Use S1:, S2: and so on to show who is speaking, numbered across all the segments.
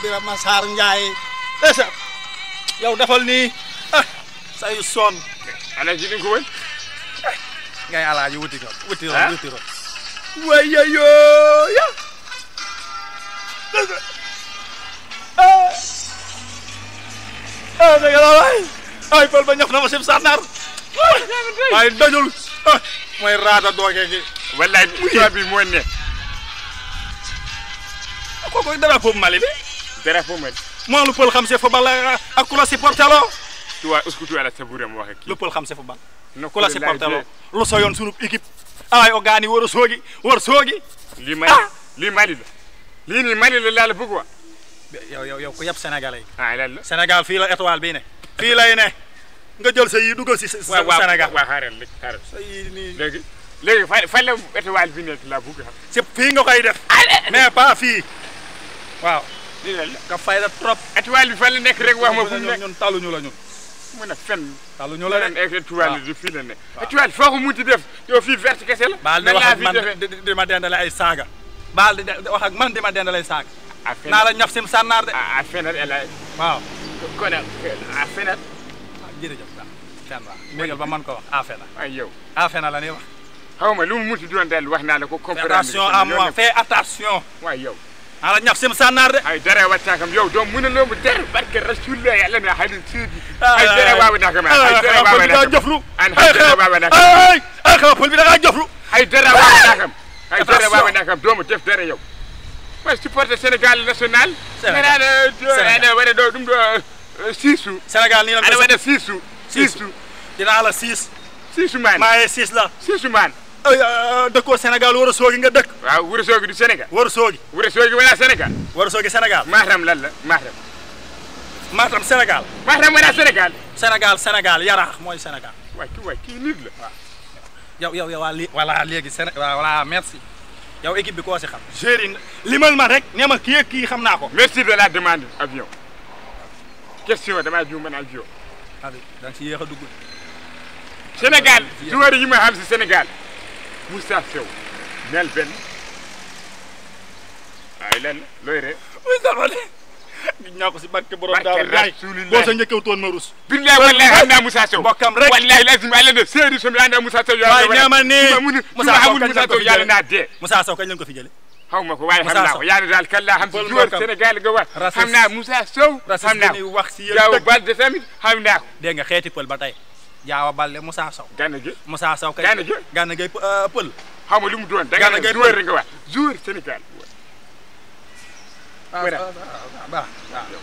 S1: Birama eh, Saar Njaay ndeysaan yow ya defal nii ah say son alaaji ni ko wëñ ngay alaaji wuti ko wuti ron wuti ron waya yo ya ah ah da nga lay ay pal ba ñaf na ma sib sanar ay dajul mooy raata dooge gi wallahi bi mooy ne ko ko dara fo mali bi Derefo men. Moi le pôle xamse football eh, ak kula supportalo. Tu vois est-ce que tu as la saboure mo waxe ki. Le pôle Lu so yoon sunu équipe. Ay o gaani soogi, wor soogi. Li Mali, ah! li Mali la. Li ni Mali la laal bëgg wa. Yow yow yow yab Sénégal yi. Ah lan fii la étoile bii ne. Fii lay Nga jël sa yi dugal ci Sénégal. Waaw xaaral fii lii la nga fay la trop. étoile bi fan la nekk rek wax ma fu mu nekk ñun tàlluñu la ñun. mu ne fenn. tàlluñu la de waaw étoile bi fii la ne. Ah. waaw étoile foo ko munti def yow fii verte kese la. baal di wax man di ma dendale ay saaga. baal di wax ak man di ma dendale ay saaga. ah la ñaf sim sànnaar de. ah ah feneen El Hadj. waaw. kon ah feneen. ah jërëjëf waaw fenn waaw. négal ba mën ko wax ah feneen. ay ah, yow ah feneen la ñuy wax. xaw ma lu mu munti doon daal wax naa la ko. comprendre attention à moi fais attention. waay yow على نفسي مسانار هاي درا واتاكم يو دوم من لو مدر برك الرسول الله يعلم يا حليل سيدي هاي درا آه. وابناكم هاي آه، درا آه، وابناكم هاي درا وابناكم هاي اخاف بالبلا جفرو هاي درا وابناكم هاي درا وابناكم دوم تف درا يو ما سبورت السنغال ناسيونال انا انا وانا دوم سيسو سنغال نينا انا وانا سيسو سيسو دينا على سيس سيسو مان ما سيس لا سيسو مان Eh, dëkkoo Sénégal war a soogi nga dëkk waaw war a soogi du Sénégal war a soogi war a soogi wala Sénégal war a soogi Sénégal Matam lan la Matam la waaw yow yow yow waa lii xam ma rek ne ma kii kii xam naa ko merci de la demande avion question si yéex yi ma xam si wusasew nel ben ay len looy re wuy sama de nit ñaa ko si barke borom daaw yaay boo sa njëkkew toon ma rus billahi wallahi xam naa Moussa Sow bokkam rek wallahi lazim ay len seeri sam yaa naa Moussa Sow yaa waay ñama ne Moussa Sow kañ Moussa Sow yaa naa dee Moussa Sow kañ lañ ko fi jële xaw ma ko waaye xam naa ko yaa daal kan laa xam si joueur Sénégal nga wax xam naa Moussa Sow xam naa ko wax si yow Balde tamit xam naa ko dégg nga xeeti pël ba tey Jawa Baldé musa Sow Gana Gueye Moussa Sow kay Gana Gueye Gana Gueye pël xam nga doon da nga ne joueur nga wax joueur Sénégal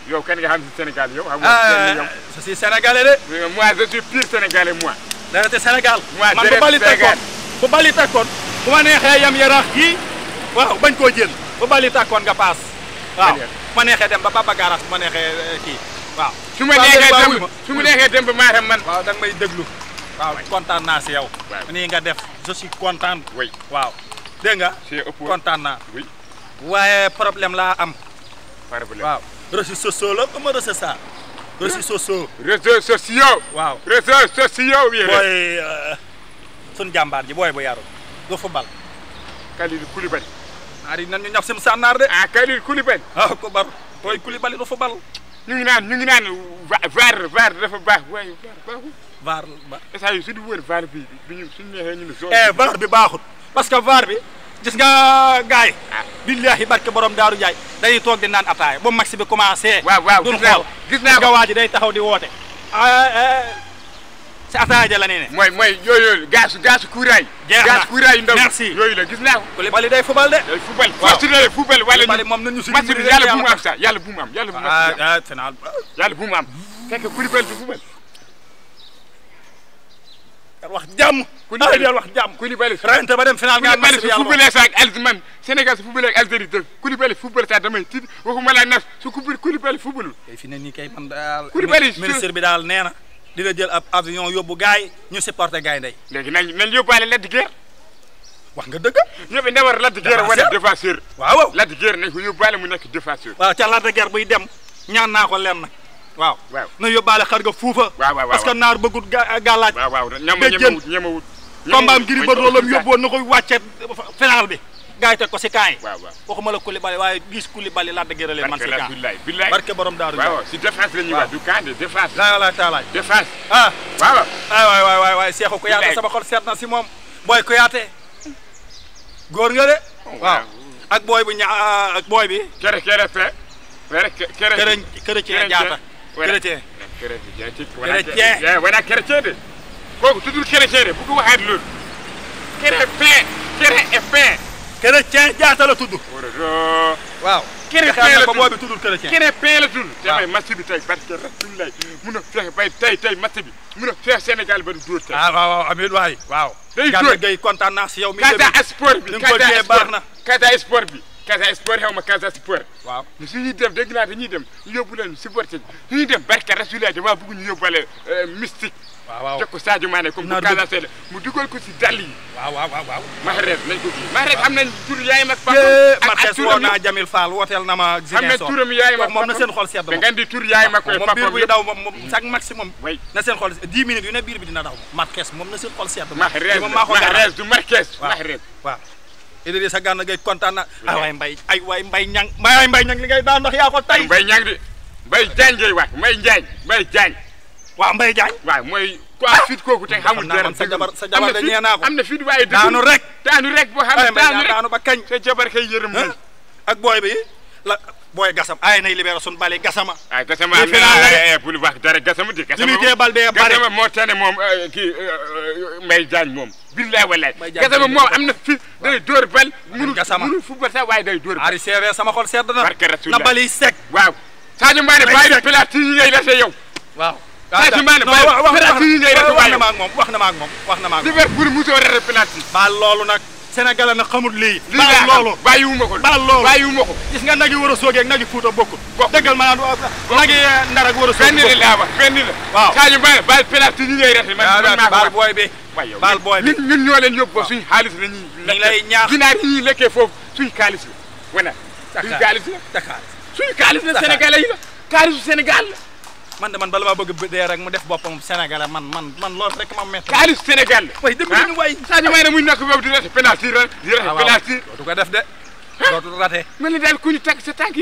S1: yow kan ah, ah, ah, nga kan xam si Sénégal yow xam nga je suis sénégalais de moi je suis pire sénégalais moi dara te Sénégal man bu bali takkoon bu bali takkoon bu ma neexee yam yaraax gi waaw bañ koo jël bu bali takkoon nga paas waaw bu ma neexee dem ba Papa Garas bu ma neexee eh, kii waaw su ma neexee démb su ma neexee démb maa xam man. waaw da nga may déglu. waaw kontaan naa si yow. nii nga def je suis content. am. problème waaw. réseaux sociaux la ba ma réseau saa. réseaux sociaux. réseaux sociaux. waaw réseaux sociaux. booy euh, sunu jàmbaar ji booy bu yaru du football. Kalidou Koulibaly. ari nan ñu ñaf ah Kalidou Koulibaly. ah ko bar booy Koulibaly du ñu ngi naan ñu ngi naan vaar vaar dafa baax waaye baaxul. vaar baax saa yu su di wër vaar bi bi ñu suñu neexee ñu ne. Eh, vaar baaxul parce que vaar bi gis nga gars yi. Ah. billaahi barke borom Daaru Njaay day toog di naan ataaya ba max bi commencé. waaw waaw gis waa ji day taxaw di woote. Ah, eh, eh. si ataaja la nee ne mooy mooy yooyu gaasu gaasu kuuraay gaasu kuuraay ndaw merci yooyu la gis naa ko Koulibaly day fubal de day fubal force day fubal wala moom nañu si match bi yàlla bu mu am sax yàlla bu mu am yàlla bu mu am final yàlla bu mu am fekk Koulibaly du fubal wax jàmm Koulibaly wax jàmm Koulibaly rente ba dem final nga match bi yàlla fubalee sax Algérie Sénégal su fubalee ak Algérie te Koulibaly fubal sax damay tiit waxuma la nas su Koulibaly fubalul kay fi ne nii kay man daal ministre bi daal nee na dina jël ab avion yóbbu gaay ñu supporté gaay ndey. léegi nañ nañ yóbbaale Lac de Guiers. wax nga dëgg. ñëpp ne war Lac de Guiers wane défenseur. waaw Lac de Guiers nañ ko yóbbaale mu nekk défenseur. waaw ca Lac de Guiers buy dem ñaan naa ko len waaw waaw na yóbbaale xar nga fuufa. waaw waaw parce que naar bëggut ga gàllaaj. waaw waaw ñamawut ñamawut. combat am Gris Bordeaux la yóbbu woon wàcce final bi. gaa yi teg ko si kaay waaw waaw waxuma la Koulibaly waaye gis Koulibaly laa dëggee leen man si kaay billaay na si moom booy de oh, waaw ak bu ña ah, ak bi kere kere pe kere chrétien jaata chrétien chrétien wala chrétien de kooku tuddul chrétien de bu ko kere pe kere chrétien jaata la tudd. waaw.
S2: chrétien la tudd boobu tuddul chrétien. chrétien
S1: la tudd. waaw damay match bi tey barke Rasulullah mun a fexe bay tey tey match bi mun a fexe Sénégal ba du dóor ah, waaw waaw amiin waay. waaw. day dóor gàncax kontaan naa si yow. mi kata sport bi kata sport na kata sport bi. Casa Sport xaw ma Casa Sport. waaw su ñuy dem dégg naa dem yóbbu leen supporter su ñuy dem barke Rasulullah damaa bëgg ñu yóbbaale euh, mystique. waaw teg ko Sadio Mané comme bu Casa la mu dugal ko si dàll yi. waaw waaw waaw. Mahrez nañ ko kii Mahrez am nañ tur yaayam ak papaam. ak ak turam yi Mahrez woo naa Jamil Fall wooteel na ma. am na turam yaayam ak papaam moom na seen xol sedd moom. da ngeen di tur yaayam ak papaam moom biir buy daw moom moom chaque maximum. oui na seen xol 10 minutes yu ne biir bi dina daw. Marquez moom na seen xol sedd. Mahrez Mahrez du Marquez. Mahrez waaw. Idrissa Gana Gueye kontaan na. ah waay Mbaye ay waay Mbaye Niang Mbaye Mbaye Niang li ngay daan ndax yaa ko tey. Mbaye Niang di Mbaye Diagne ngay wax Mbaye Diagne Mbaye Diagne waa Mbaye Diagne. waaw mooy. a fit kooku te xamul dara. sa jabar sa jabar de ñee naa ko am na fit waaye. daanu rek daanu rek boo xam ne daanu daanu ba kañ. sa jabar kay yërëm nañ. ak booy bi la booy gasam ay nay libéré sun bale gasama. ay gasama am na bul wax dara gasama di. gasama limité bal bee bare gasama moo tane moom euh, kii euh, euh, Mbaye Diagne moom. billaay wallaay gasama moom am na fi day dóor bal. munul munul football sax waaye day dóor bal. ari seere sama xol sedd na. barke Rasulullah na bal yi sec. waaw Sadio Mané bàyyi pilaat yi ngay lase yow. Sadio Mané wax na ma ak moom wax na ma ak moom wax na ma ak moom. Liverpool musoo rere penalty. baal loolu nag Sénégal na xamul lii. lii baal loolu bàyyiwuma ko baal loolu bàyyiwuma ko. gis nga nag yi war a soogee ak nag yi Fuuta bokkul. bokkul dëggal ma naan nag yi eh, Ndar ak war a soogee. benn la laa wax benn la. waaw Sadio Mané baal penalty ñu ngay rete. man man maa baal booy bi. baal booy bi ñun ñoo leen yóbbu suñu xaalis la ñuy. ñu lay ñaax ginaar yi ñuy lekkee foofu suñu xaalis la. wana suñu xaalis la. Dakar suñu xaalis la Sénégalais yi la xaalisu Sénégal la man de man bala bëgg dee rek mu def boppam Sénégalais man man man loolu rek ma métti. kaalis Sénégal la. Ah? waaye déglu ñu waay Sadio Mané muy nekk boobu ah, def de. dootul rate. mel ni daal ku ñu tàgg sa tànk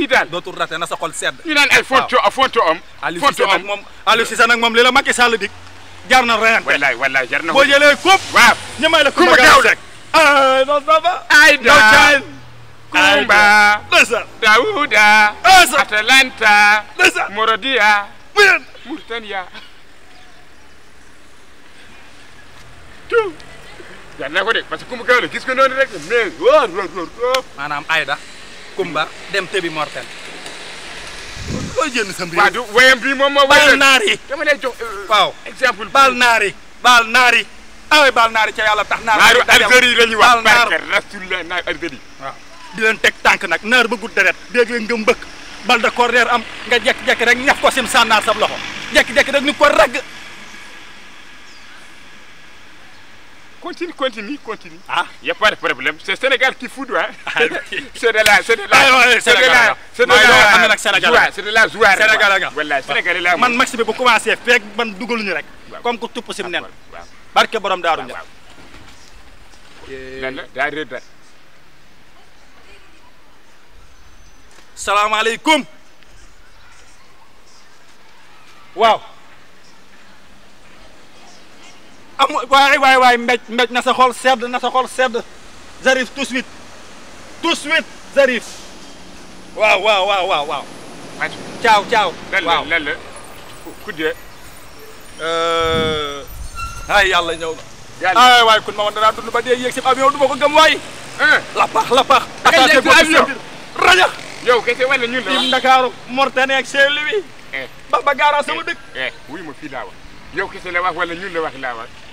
S1: na sa xol sedd. ñu naan ay fonto fonto am. fonto am Aliou Cissé nag moom Aliou Cissé nag moom li la Macky Sall dig jar na ren. wallaay wallaay jar na ko la coupe gaaw rek. ah Ben! Murtania. Murtania. Tuh. Ya na ko de parce que kum kaale gis ko non rek mais war war war. Manam Aida Kumba dem tebi mortel. Ko jenn sam rew. Wadu wayam bi mom mo wayam. Bal nari. Dama lay jox waaw eh, exemple bal nari. bal naari. Awé bal naari ci yalla tax naari. Naaru algeri lañu wax nari. rasulullah naaru algeri. Waaw. Di len tek tank nak naar ba gudd deret deg len ngëm bëkk. bal de corps reer am nga jekki jekk rek ñaf ko sim sànnaar sab loxo jekki-jekki rek ni ko ragg continue continue continue ah y a pas de problème c'est Sénégal fout ah, la c'est de la c'est de la c'est la c'est de la man match bi bu commencé man dugaluñu rek comme que tupp sim nen barke borom daa Salam alaikum. am Waouh, waouh, waouh mbéj na sa sedd na Zarif tout de suite tout de suite Zarif Wow, wow, waouh, wow, wow. Ciao, ciao. waaw lan la kujjee ay yàlla ñëw na ay waay kun ma eh. la part, la yow kese wane ñun la waaw Ndakaaru Mortane ak Saint-Louis. Eh. ba gaara sama eh, dëkk. Eh, wuy ma laa wax la wax wala ñun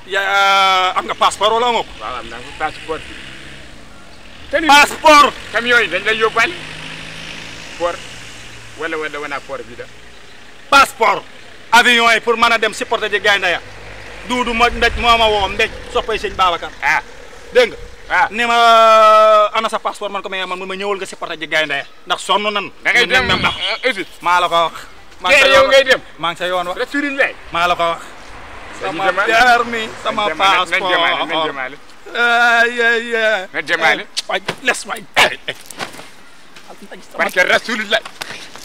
S1: yaa am nga passeport wala amoo ko. yi dañ lay yóbbaale. port wala wala wana port bi da. passeport. yi pour mën a dem supporter ji gaynde ya duudu ma ndej moo woo ndej soppay sëñ Babacar. ah dégg nga waaw ah. ni ma ana man ko may man ma ñëwal nga si porté ji gaynde ndax sonn nan da ngay dem ndax eh, maa la ko wax tey yow dem maa sa yoon wax returin maa la ko wax sama permis sama passeport ay ay ay jamaale waay les waay parce eh. que rasulillah